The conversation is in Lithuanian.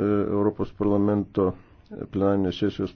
Europos parlamento plenarinės sesijos